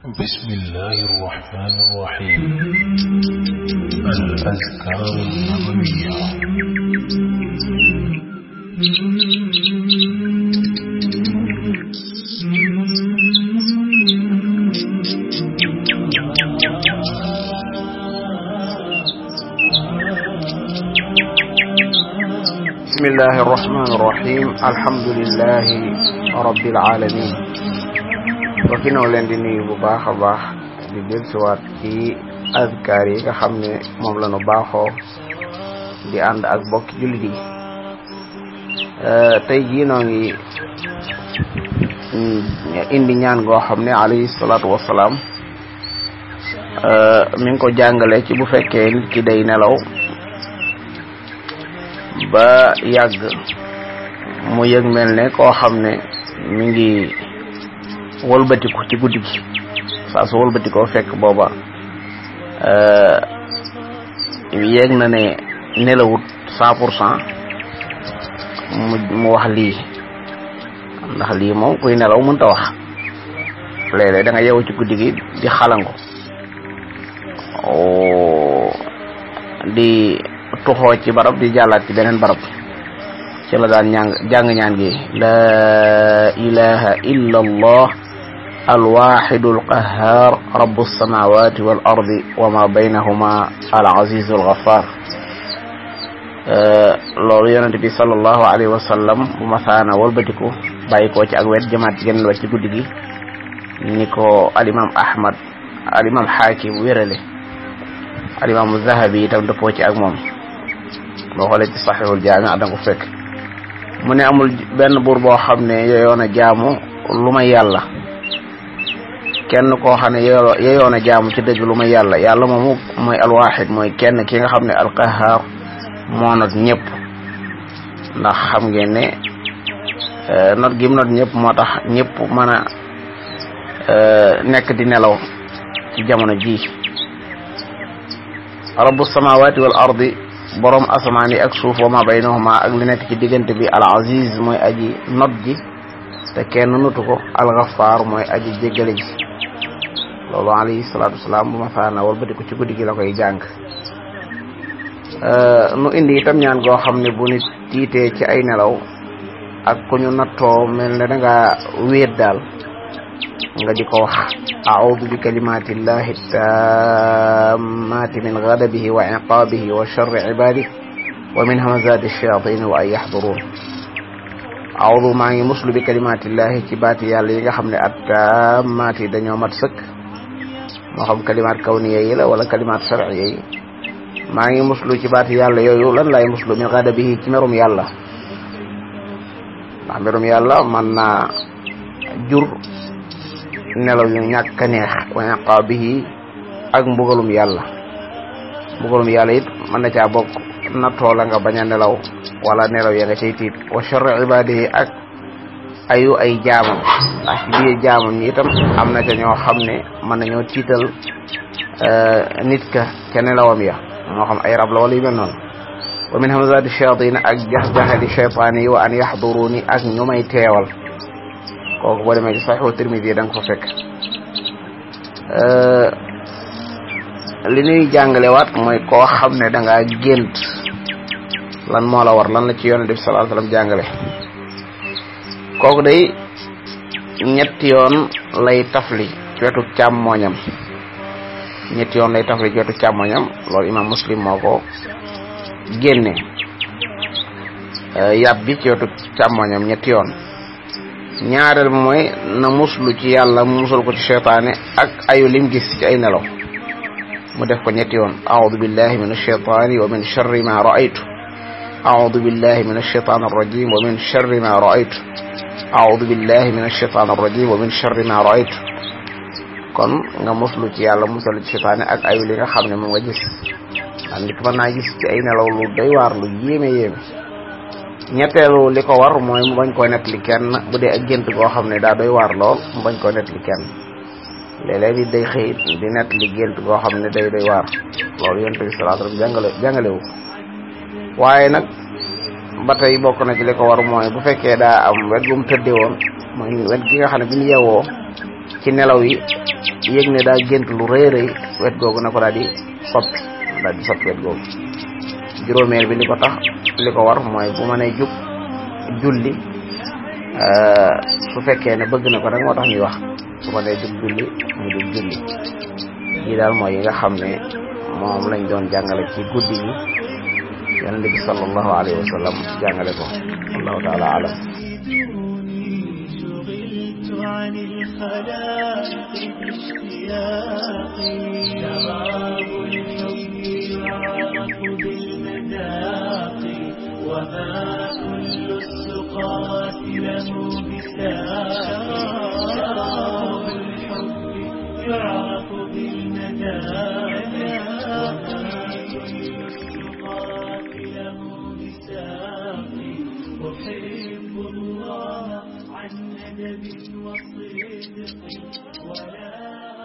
بسم الله الرحمن الرحيم الأذكار النبوية بسم الله الرحمن الرحيم الحمد لله رب العالمين mbokk yi leen di nuyu bu baax a baax di del siwaat ci azkar yi nga xam ne moom la ñu baaxoo di ànd ak bokki jullit yi euh, tey jii ngi mm, indi ñaan goo xam ne alayhi salaatu wasalaam euh, mi ngi ko jàngale ci bu fekkee nit ki day nelaw ba yàgg mu yëg mel ne koo xam ne mi ngi walbatiku ci guddi gi saa su walbatikoo fekk booba euh, yéeg na ne nelawut cent pour cent mu wax lii ndax lii moom kuy nelaw mënta wax léeg-léeg da yeewu ci guddi gi di xalangu di tuxoo ci barab di jàllaat ci beneen barab ci la daan jàng ñaan gi la ilaha illa الواحد القهار رب السماوات والأرض وما بينهما العزيز الغفار loolu yonent bi sallallahu alayhi wa sallam bu masaana walbatiku bàyyi ko ci ak wet jëmaat genn wet ci guddi gi ni ko alimam Ahmad alimam Hakim wérale alimam Zahabi itam dëppoo ci ak moom boo xoolee ci saxiixul jaami da nga ko fekk mu ne amul benn buur boo xam ne yooyoon a jaamu lu may yàlla kenn koo xam ne yeyoon a jaamu ci dëgg lu may yàlla yàlla moomu mooy alwaxid mooy kenn ki nga xam ne alqahaar moo not ñëpp ndax xam ngeen ne e, not gim not ñëpp moo tax ñëpp mën a e, nekk di nelaw ci jamono ji rabu samawati wal ardi borom asamaan yi ak suuf wa ma baynahuma ak li nekk ci diggante bi al aziz mooy aji not gi te kenn nutu ko al ghaffar mooy aji jéggale ji loolu alayhi salaatu wasalaam bu ma faana wal batiku ci guddi gi la koy jàng euh, nu indi itam ñaan goo xam ne bu nit tiitee ci ay nelaw ak ku ñu nattoo mel ne da nga wéet daal nga di ko wax a'uudu bi kalimatillahi tammati min ghadabihi wa iqaabihi wa sharri ibaadihi wa min hamazati shayaatini wa an yahduruun a'uudu maa ngi muslu bi kalimatillahi ci baati yàlla yi nga xam ne at tammati dañoo mat sëkk moo xam kalimaat kawniya yi la wala kalimaat sharciya yi maa ngi muslu ci baat yàlla yooyu lan laay muslu min xadabihi ci merum yàlla ndax merum yàlla mën naa jur nelaw yu ñàkk a neex wa iqaabihi ak mbugalum yàlla mbugalum yàlla it mën na caa bokk nattoo nga bañ a nelaw wala nelaw ya nga cay tiit wa sharri ibaadihi ak ayu ay jaamam ndax ci jaamam ñi am na ca ñoo xam ne mën nañoo tiital euh, nit ka ca nelawam ya moo xam ay rab la wala yu mel noonu wa min hamazati shayatin ak jax-jaxali cheytaan yi wa an yaxduruni ak ñu may teewal kooku boo demee ci saxihu tirmidi da nga ko fekk euh, li ñuy jàngalewaat mooy ko xam ne da ngaa gént lan moo la war lan la ci yonent def sallallahu alayhi wasallam kooku day ñetti yoon lay tafli ci wetu càmmooñam ñetti yoon lay tafli ci wetu càmmooñam loolu imam muslim moo ko génne yàpp bi ci wetu càmmooñam ñetti yoon ñaareel mooy na muslu ci yàlla musul ko ci cheytaane ak ayu lim gis ci ay nelaw mu def ko ñetti yoon aoudu billahi min alcheytaani wa min charri ma raaytu aoudu billahi min alcheytaan arrajim wa min charri ma raaytu a'udhu billahi minash shaitanir rajim wa min sharri ma ra'aytu kon nga muslu ci yàlla musal ci seytaane ak ayu li nga xam ne moom nga gis am nit mën naa gis ci ay nelaw lu doy waar lu yéeme yéeme ñetteelu li ko war mooy mu bañ koo nett li kenn bu dee ak gént goo xam ne daa doy waar lool mu bañ koo nett li kenn léeg-léeg di day xëyit di nett li gént goo xam ne day doy waar loolu yonent bi sallallahu alayhi wasallam jàngale jàngalewu waaye nag ba tey bokk na ci li ko war mooy bu fekkee daa am wet gu mu tëddee woon mooy wet gi nga xam ne bi mu yeewoo nelaw yi yëg ne daa gént lu rëy rëy wet googu na ko daal di soppi daal di wet googu juróomeel bi li ko tax li ko war mooy bu mënee jug julli euh, su fekkee ne bëgg na ko rek moo tax ñuy wax su ko dee jug julli mu jug julli lii daal mooy yi nga xam ne moom lañ doon jàngale ci guddi gi yonent bi sallallahu alayhi wa sallam jàngale ko allahu taala alam عن الخلاق في السياق عن ندب وصدق ولا